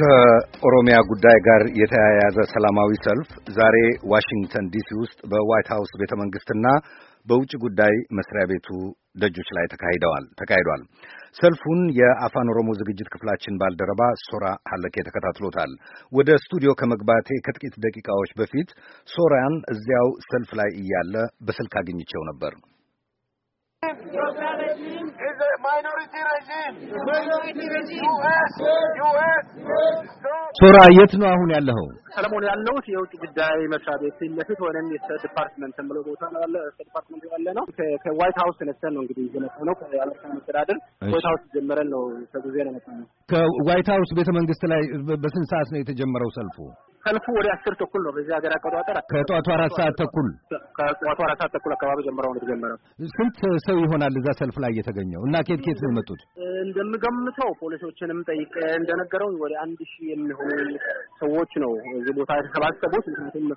ከኦሮሚያ ጉዳይ ጋር የተያያዘ ሰላማዊ ሰልፍ ዛሬ ዋሽንግተን ዲሲ ውስጥ በዋይት ሀውስ ቤተ መንግስትና በውጭ ጉዳይ መስሪያ ቤቱ ደጆች ላይ ተካሂደዋል ተካሂዷል። ሰልፉን የአፋን ኦሮሞ ዝግጅት ክፍላችን ባልደረባ ሶራ ሀለኬ ተከታትሎታል። ወደ ስቱዲዮ ከመግባቴ ከጥቂት ደቂቃዎች በፊት ሶራን እዚያው ሰልፍ ላይ እያለ በስልክ አግኝቼው ነበር። ሶራ የት ነው አሁን ያለው? ሰለሞን ያለሁት የውጭ ጉዳይ መስሪያ ቤት ፊት ለፊት ወይም የስቴት ዲፓርትመንት ብሎ ቦታ ነው ያለ ስቴት ዲፓርትመንት ያለ ነው። ከዋይት ሀውስ ተነስተን ነው እንግዲህ የመጣ ነው። ከአሜሪካ መስተዳድር ዋይት ሀውስ ጀመረን ነው ተጉዜ ነው የመጣ ነው። ከዋይት ሀውስ ቤተ መንግስት ላይ በስንት ሰዓት ነው የተጀመረው ሰልፉ? ሰልፉ ወደ አስር ተኩል ነው በዚህ ሀገር አቆጣጠር ከጠዋቱ አራት ሰዓት ተኩል ከጠዋቱ አራት ሰዓት ተኩል አካባቢ ጀምረው ነው የተጀመረው። ስንት ሰው ይሆናል እዛ ሰልፍ ላይ የተገኘው እና ኬት ኬት ነው የመጡት? እንደምገምተው ፖሊሶችንም ጠይቀ እንደነገረው ወደ አንድ ሺህ የሚሆኑ ሰዎች ነው እዚህ ቦታ የተሰባሰቡት። ምክንያቱም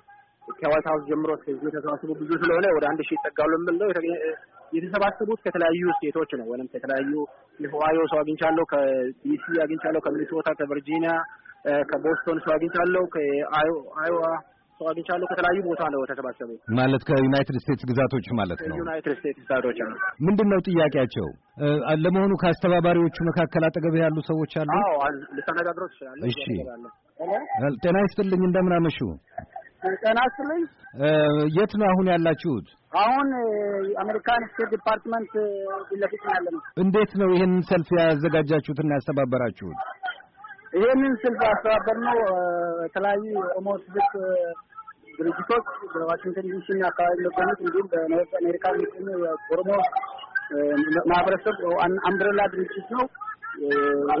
ከዋይት ሀውስ ጀምሮ እስከዚህ የተሰባሰቡ ብዙ ስለሆነ ወደ አንድ ሺህ ይጠጋሉ የምል ነው የተሰባሰቡት ከተለያዩ ስቴቶች ነው ወይም ከተለያዩ ኦሃዮ ሰው አግኝቻለሁ፣ ከዲሲ አግኝቻለሁ፣ ከሚኒሶታ፣ ከቨርጂኒያ ከቦስቶን ሰው አግኝቻለሁ፣ ከአይዋ ሰው አግኝቻለሁ። ከተለያዩ ቦታ ነው ተሰባሰበው። ማለት ከዩናይትድ ስቴትስ ግዛቶች ማለት ነው። ዩናይትድ ስቴትስ ግዛቶች ነው። ምንድን ነው ጥያቄያቸው? ለመሆኑ ከአስተባባሪዎቹ መካከል አጠገብ ያሉ ሰዎች አሉ? አዎ፣ ልታነጋግረው ትችላለህ። እሺ፣ ጤና ይስጥልኝ። እንደምን አመሹ? ጤና ይስጥልኝ። የት ነው አሁን ያላችሁት? አሁን አሜሪካን ስቴት ዲፓርትመንት ፊት ለፊት ነው ያለነው። እንዴት ነው ይህንን ሰልፍ ያዘጋጃችሁትና ያስተባበራችሁት? ይህንን ስልፍ ያስተባበር ነው የተለያዩ ኦሞ ስብክ ድርጅቶች በዋሽንግተን ዲሲ እና አካባቢ የሚገኙት እንዲሁም በኖርት አሜሪካ የሚገኙ የኦሮሞ ማህበረሰብ አምብሬላ ድርጅት ነው።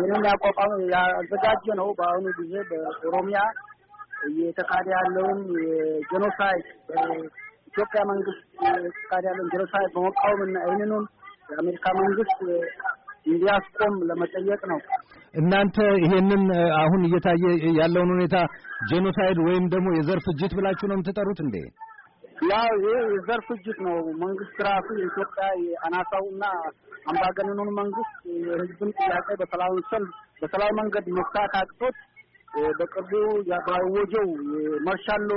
ይህንን ያቋቋመ ያዘጋጀ ነው። በአሁኑ ጊዜ በኦሮሚያ እየተካሄደ ያለውን የጄኖሳይድ ኢትዮጵያ መንግስት እየተካሄደ ያለውን ጄኖሳይድ በመቃወም እና ይህንኑን የአሜሪካ መንግስት እንዲያስቆም ለመጠየቅ ነው። እናንተ ይሄንን አሁን እየታየ ያለውን ሁኔታ ጄኖሳይድ ወይም ደግሞ የዘር ፍጅት ብላችሁ ነው የምትጠሩት እንዴ? ያው ይህ የዘር ፍጅት ነው። መንግስት ራሱ የኢትዮጵያ የአናሳውና አምባገነኑን መንግስት የህዝብን ጥያቄ በሰላም ሰልፍ በሰላም መንገድ መፍታት አቅቶት በቅርቡ ባወጀው የማርሻል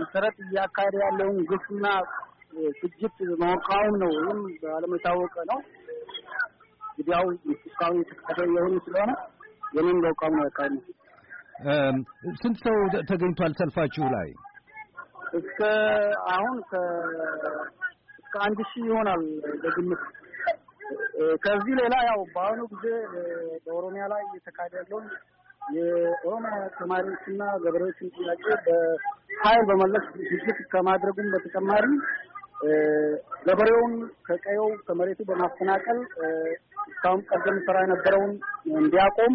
መሰረት እያካሄደ ያለውን ግፍና ፍጅት መቃወም ነው። ይህም በዓለም የታወቀ ነው። ግዳው እስካሁን የተካሄደ የሆኑ ስለሆነ የኔም ለውቃም ነው ያካሄድ ነው። ስንት ሰው ተገኝቷል ሰልፋችሁ ላይ? እስከ አሁን እስከ አንድ ሺህ ይሆናል በግምት። ከዚህ ሌላ ያው በአሁኑ ጊዜ በኦሮሚያ ላይ እየተካሄደ ያለውን የኦሮሚያ ተማሪዎችና ገበሬዎችን ጥያቄ በኃይል በመለስ ድርጅት ከማድረጉም በተጨማሪ ገበሬውን ከቀየው ከመሬቱ በማፈናቀል እስካሁን ቀደም ስራ የነበረውን እንዲያቆም፣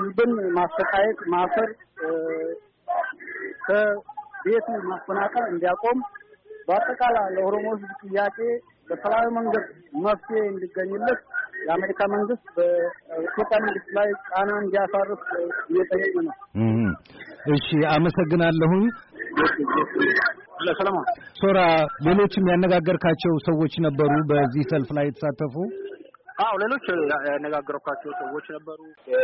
ህዝብን ማሰቃየት፣ ማሰር፣ ከቤቱ ማፈናቀል እንዲያቆም፣ በአጠቃላይ ለኦሮሞ ህዝብ ጥያቄ በሰላማዊ መንገድ መፍትሄ እንዲገኝለት የአሜሪካ መንግስት በኢትዮጵያ መንግስት ላይ ጫና እንዲያሳርፍ እየጠየቅ ነው። እሺ፣ አመሰግናለሁኝ። ሰላም ሶራ፣ ሌሎችም ያነጋገርካቸው ሰዎች ነበሩ በዚህ ሰልፍ ላይ የተሳተፉ? አዎ ሌሎች ያነጋገርኳቸው ሰዎች ነበሩ።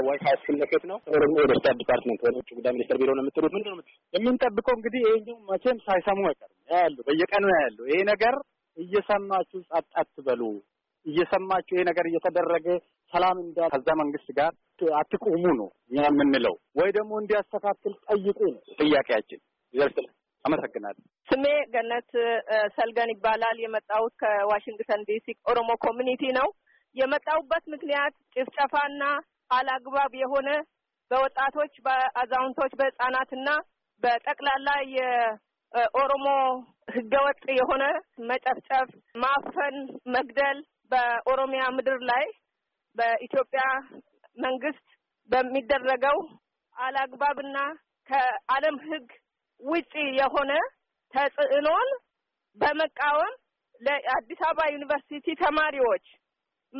ዋይት ሀውስ ፊት ለፊት ነው ደግሞ ወደ ስታት ዲፓርትመንት ወደ ውጭ ጉዳይ ሚኒስትር ቢሮ ነው የምትሉት። ምንድን ነው የምንጠብቀው? እንግዲህ ይሄኛው መቼም ሳይሰሙ አይቀርም። ያያሉ፣ በየቀኑ ያያሉ። ይሄ ነገር እየሰማችሁ ጸጥ አትበሉ፣ እየሰማችሁ ይሄ ነገር እየተደረገ ሰላም እንዳ ከዛ መንግስት ጋር አትቁሙ ነው እኛ የምንለው፣ ወይ ደግሞ እንዲያስተካክል ጠይቁ ነው ጥያቄያችን። ይዘርስል አመሰግናለሁ። ስሜ ገነት ሰልገን ይባላል። የመጣሁት ከዋሽንግተን ዲሲ ኦሮሞ ኮሚኒቲ ነው። የመጣውበት ምክንያት ጭፍጨፋና አላግባብ የሆነ በወጣቶች፣ በአዛውንቶች፣ በህጻናትና በጠቅላላ የኦሮሞ ህገወጥ የሆነ መጨፍጨፍ፣ ማፈን፣ መግደል በኦሮሚያ ምድር ላይ በኢትዮጵያ መንግስት በሚደረገው አላግባብና ከዓለም ህግ ውጪ የሆነ ተጽዕኖን በመቃወም ለአዲስ አበባ ዩኒቨርሲቲ ተማሪዎች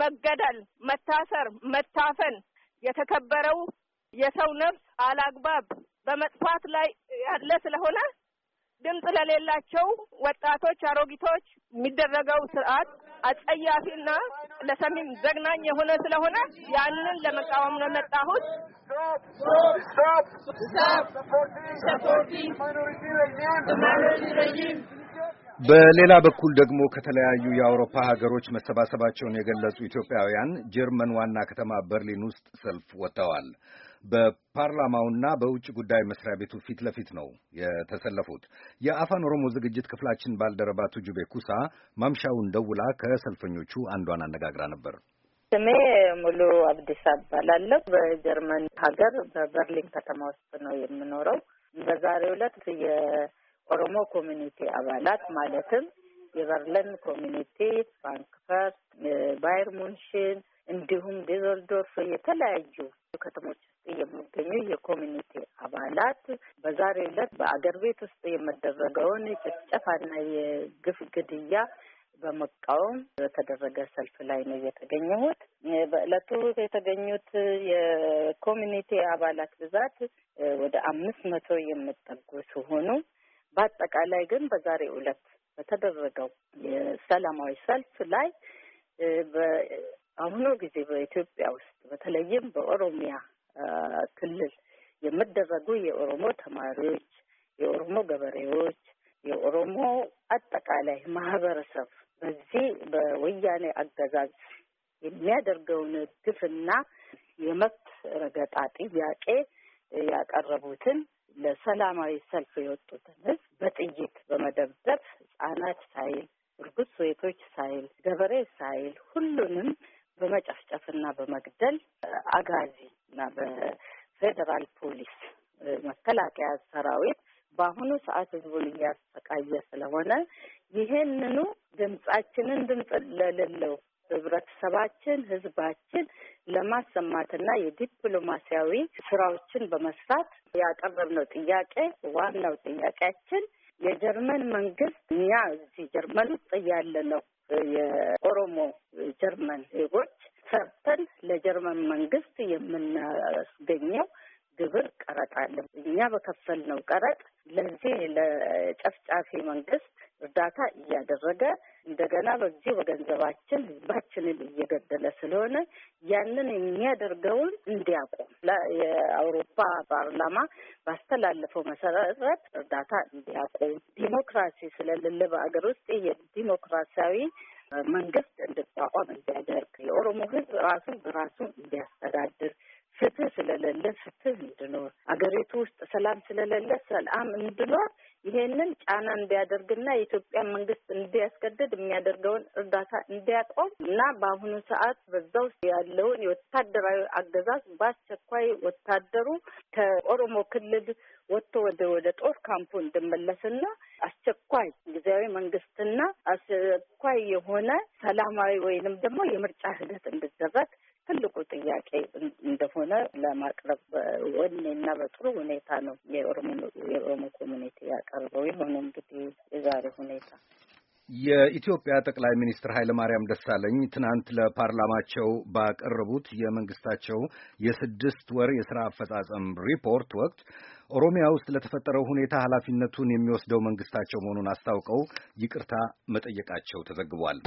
መገደል፣ መታሰር፣ መታፈን የተከበረው የሰው ነፍስ አላግባብ በመጥፋት ላይ ያለ ስለሆነ ድምፅ ለሌላቸው ወጣቶች፣ አሮጊቶች የሚደረገው ስርዓት አጸያፊና ለሰሚም ዘግናኝ የሆነ ስለሆነ ያንን ለመቃወም ነው የመጣሁት። በሌላ በኩል ደግሞ ከተለያዩ የአውሮፓ ሀገሮች መሰባሰባቸውን የገለጹ ኢትዮጵያውያን ጀርመን ዋና ከተማ በርሊን ውስጥ ሰልፍ ወጥተዋል። በፓርላማውና በውጭ ጉዳይ መስሪያ ቤቱ ፊት ለፊት ነው የተሰለፉት። የአፋን ኦሮሞ ዝግጅት ክፍላችን ባልደረባ ቱጁቤ ኩሳ ማምሻውን ደውላ ከሰልፈኞቹ አንዷን አነጋግራ ነበር። ስሜ ሙሉ አብዲሳ እባላለሁ። በጀርመን ሀገር በበርሊን ከተማ ውስጥ ነው የምኖረው። በዛሬው ዕለት ኦሮሞ ኮሚኒቲ አባላት ማለትም የበርለን ኮሚኒቲ፣ ፍራንክፈርት፣ ባየር ሙንሽን እንዲሁም ዴዘልዶርፍ የተለያዩ ከተሞች ውስጥ የሚገኙ የኮሚኒቲ አባላት በዛሬ ዕለት በአገር ቤት ውስጥ የመደረገውን ጭፍጨፋና የግፍ ግድያ በመቃወም በተደረገ ሰልፍ ላይ ነው የተገኘሁት። በእለቱ የተገኙት የኮሚኒቲ አባላት ብዛት ወደ አምስት መቶ የሚጠጉ ሲሆኑ በአጠቃላይ ግን በዛሬው ዕለት በተደረገው የሰላማዊ ሰልፍ ላይ በአሁኑ ጊዜ በኢትዮጵያ ውስጥ በተለይም በኦሮሚያ ክልል የሚደረጉ የኦሮሞ ተማሪዎች፣ የኦሮሞ ገበሬዎች፣ የኦሮሞ አጠቃላይ ማህበረሰብ በዚህ በወያኔ አገዛዝ የሚያደርገውን ግፍና የመብት ረገጣ ጥያቄ ያቀረቡትን ለሰላማዊ ሰልፍ የወጡትን ህዝብ በጥይት በመደብደብ ህጻናት ሳይል እርጉዝ ሴቶች ሳይል ገበሬ ሳይል ሁሉንም በመጨፍጨፍና በመግደል አጋዚ እና በፌዴራል ፖሊስ መከላከያ ሰራዊት በአሁኑ ሰዓት ህዝቡን እያሰቃየ ስለሆነ ይሄንኑ ድምጻችንን ድምጽ ለሌለው ህብረተሰባችን ህዝባችን ለማሰማትና የዲፕሎማሲያዊ ስራዎችን በመስራት ያቀረብነው ጥያቄ ዋናው ጥያቄያችን የጀርመን መንግስት እኛ እዚህ ጀርመን ውስጥ ያለነው የኦሮሞ ጀርመን ዜጎች ሰርተን ለጀርመን መንግስት የምናስገኘው ግብር ቀረጥ አለ። እኛ በከፈልነው ቀረጥ ለዚህ ለጨፍጫፊ መንግስት እርዳታ እያደረገ እንደገና በዚህ በገንዘባችን ህዝባችንን እየገደለ ስለሆነ ያንን የሚያደርገውን እንዲያቆም የአውሮፓ ፓርላማ ባስተላለፈው መሰረት እርዳታ እንዲያቆም፣ ዲሞክራሲ ስለሌለ በሀገር ውስጥ የዲሞክራሲያዊ መንግስት እንድቋቋም እንዲያደርግ፣ የኦሮሞ ህዝብ ራሱን በራሱ እንዲያስተዳድር ፍትህ ስለሌለ ፍትህ እንድኖር አገሪቱ ውስጥ ሰላም ስለሌለ ሰላም እንድኖር ይሄንን ጫና እንዲያደርግና የኢትዮጵያ መንግስት እንዲያስገድድ የሚያደርገውን እርዳታ እንዲያቆም እና በአሁኑ ሰዓት በዛ ውስጥ ያለውን የወታደራዊ አገዛዝ በአስቸኳይ ወታደሩ ከኦሮሞ ክልል ወጥቶ ወደ ወደ ጦር ካምፑ እንድመለስና አስቸኳይ ጊዜያዊ መንግስትና አስቸኳይ የሆነ ሰላማዊ ወይንም ደግሞ የምርጫ ሂደት እንዲደረግ ጥያቄ እንደሆነ ለማቅረብ ወኔና በጥሩ ሁኔታ ነው የኦሮሞ ኮሚኒቲ ያቀርበው። የሆነ እንግዲህ የዛሬ ሁኔታ የኢትዮጵያ ጠቅላይ ሚኒስትር ኃይለማርያም ደሳለኝ ትናንት ለፓርላማቸው ባቀረቡት የመንግስታቸው የስድስት ወር የሥራ አፈጻጸም ሪፖርት ወቅት ኦሮሚያ ውስጥ ለተፈጠረው ሁኔታ ኃላፊነቱን የሚወስደው መንግስታቸው መሆኑን አስታውቀው ይቅርታ መጠየቃቸው ተዘግቧል።